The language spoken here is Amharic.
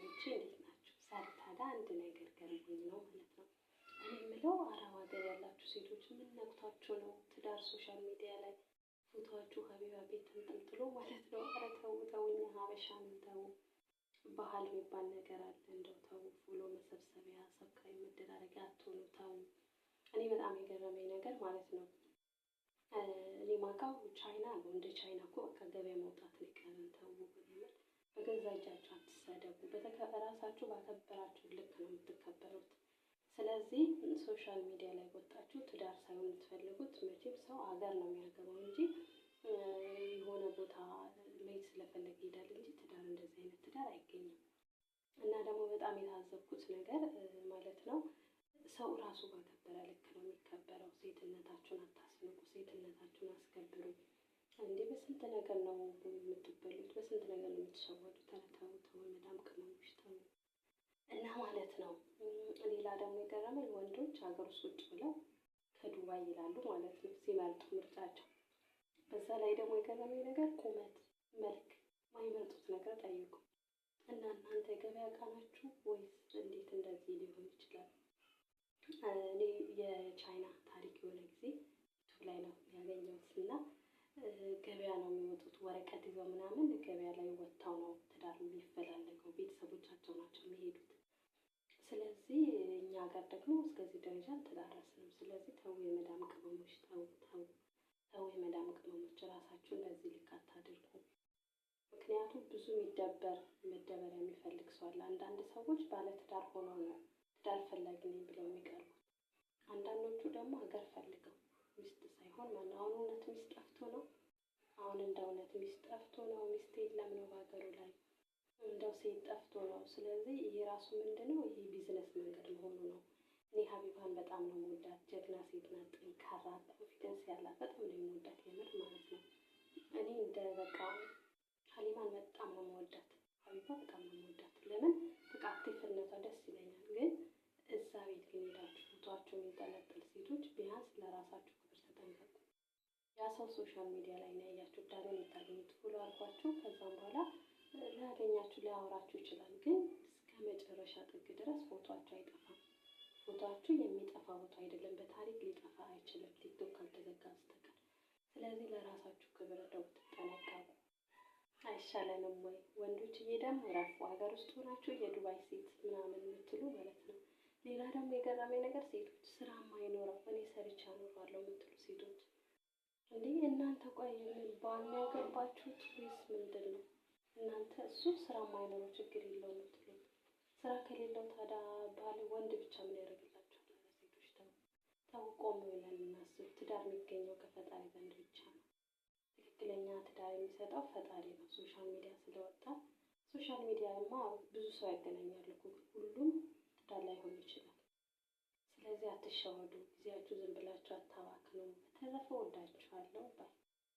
ቤተሰቦች እንዴት ናቸው? ዛሬ ታዲያ አንድ ነገር ገርሞኝ ነው ማለት ነው። እኔ የምለው አረብ ሀገር ያላችሁ ሴቶች ምን ነክቷችሁ ነው ትዳር ሶሻል ሚዲያ ላይ ፎቶዋችሁ ሀቢባ ቤት ተንጠልጥሎ ማለት ነው? ኧረ ተው ተው፣ እኛ ሀበሻን ተው። ባህል የሚባል ነገር አለ። እንደው ተው፣ ፎሎ መሰብሰቢያ፣ ሰብካዊ መደራረጊያ አትሆኑ፣ ተው። እኔ በጣም የገረመኝ ነገር ማለት ነው እኔ ማውቀው ቻይና ነው። እንደ ቻይና እኮ ከገበያ መውጣት ነው የቀረን፣ ተው በእውነት በገዛ እጃችሁ አትሳደቡ። ራሳችሁ ባከበራችሁ ልክ ነው የምትከበሩት። ስለዚህ ሶሻል ሚዲያ ላይ ወጣችሁ ትዳር ሳይሆን የምትፈልጉት መቼም ሰው አገር ነው የሚያገባው እንጂ የሆነ ቦታ መሄድ ስለፈለገ ይሄዳል እንጂ ትዳር እንደዚህ አይነት ትዳር አይገኝም። እና ደግሞ በጣም የታዘብኩት ነገር ማለት ነው ሰው እራሱ ባከበረ ልክ ነው የሚከበረው። ሴትነታችሁን አታስንቁ፣ ሴትነታችሁን አስከብሩ። እንዲህ በስንት ነገር ነው ስንት ነገር ነው የተሸወዱት። ተረተው ተወመዳም ቅመሞች ተው እና ማለት ነው። ሌላ ደግሞ የገረመኝ ወንዶች ሀገር ውስጥ ቁጭ ብለው ከዱባይ ይላሉ ማለት ነው ሲመርጡ ምርጫቸው። በዛ ላይ ደግሞ የገረመኝ ነገር ቁመት፣ መልክ ማይመርጡት ነገር ጠይቁ እና እናንተ የገበያ ቃናችሁ ናችሁ ወይስ እንዴት እንደዚህ ሊሆን ይችላል? እኔ የቻይና ገበያ ነው የሚወጡት ወረቀት ይዘው ምናምን ገበያ ላይ ወጥተው ነው ትዳር የሚፈላለገው። ቤተሰቦቻቸው ናቸው የሚሄዱት። ስለዚህ እኛ ሀገር ደግሞ እስከዚህ ደረጃ አልተዳረስንም። ስለዚህ ተው የመዳም ቅመሞች፣ ተው ተው ተው የመዳም ቅመሞች ራሳችሁን ለዚህ ልክ አታድርጉ። ምክንያቱም ብዙ የሚደበር መደበር የሚፈልግ ሰው አለ። አንዳንድ ሰዎች ባለትዳር ሆነው ነው ትዳር ፈላጊ ነኝ ብለው የሚቀርቡት። አንዳንዶቹ ደግሞ ሀገር ፈልገው ሚስት ሳይሆን ማን አሁን እውነት ሚስት ጠፍቶ ነው ሚስት ጠፍቶ ነው። ሚስት የለም ነው በሀገሩ ላይ እንደው ሴት ጠፍቶ ነው። ስለዚህ ይሄ ራሱ ምንድን ነው? ይሄ ቢዝነስ መንገድ መሆኑ ነው። እኔ ሀቢባን በጣም ነው የምወዳት። ጀግና ሴት ናት፣ ጠንካራ ኮንፊደንስ ያላት በጣም ነው የምወዳት የምር ማለት ነው። እኔ እንደ በቃ ሀሊማን በጣም ነው የምወዳት። ሀቢባ በጣም ነው የምወዳት። ለምን በቃ አክቲቭነቷ ደስ ይለኛል። ግን እዛ ቤት ግን ሄዳችሁ ፎቶአቸውን የሚጠለጥል ሴቶች ቢያንስ ለራሳችሁ ክብር ተጠንቀቁ። ያ ሰው ሶሻል ሚዲያ ላይ ነው ያያችሁ ዳሩ የምታገኙት ብሎ አልኳችሁ። ከዛም በኋላ ሊያገኛችሁ ሊያወራችሁ ይችላል፣ ግን እስከ መጨረሻ ጥግ ድረስ ፎቶአችሁ አይጠፋም። ፎቶአችሁ የሚጠፋ ቦታ አይደለም፣ በታሪክ ሊጠፋ አይችልም፣ ቲክቶክ ካልተዘጋ በስተቀር። ስለዚህ ለራሳችሁ ክብር ደው ተጠነቀቁ። አይሻለንም ወይ ወንዶች? እየደም እረፉ። ሀገር ውስጥ ሆናችሁ የዱባይ ሴት ምናምን የምትሉ ማለት ነው። ሌላ ደግሞ የገረመኝ ነገር ሴቶች ስራ ማይኖረው እኔ ሰርቻ ኖሯለሁ የምትሉ ሴቶች እንዴ እናንተ ቆይ የሚል ባና ያገባችሁት ወይስ ምንድን ነው? እናንተ እሱ ስራ ማይኖሩ ችግር የለውም የምትሉት ስራ ከሌለው ታዲያ ባል ወንድ ብቻ ምን ያደርግላቸው? ሴቶች ደግሞ ተው ቆም ብለን እናስብ። ትዳር የሚገኘው ከፈጣሪ ዘንድ ብቻ ነው። ትክክለኛ ትዳር የሚሰጠው ፈጣሪ ነው። ሶሻል ሚዲያ ስለወጣ ሶሻል ሚዲያማ ብዙ ሰው ያገናኛል እኮ ሁሉም ትዳር ላይሆን ይችላል። አትሸወዱ። ጊዜያችሁ ዝም ብላችሁ አታባክኑ። በተረፈ ወዳችኋለሁ ባይ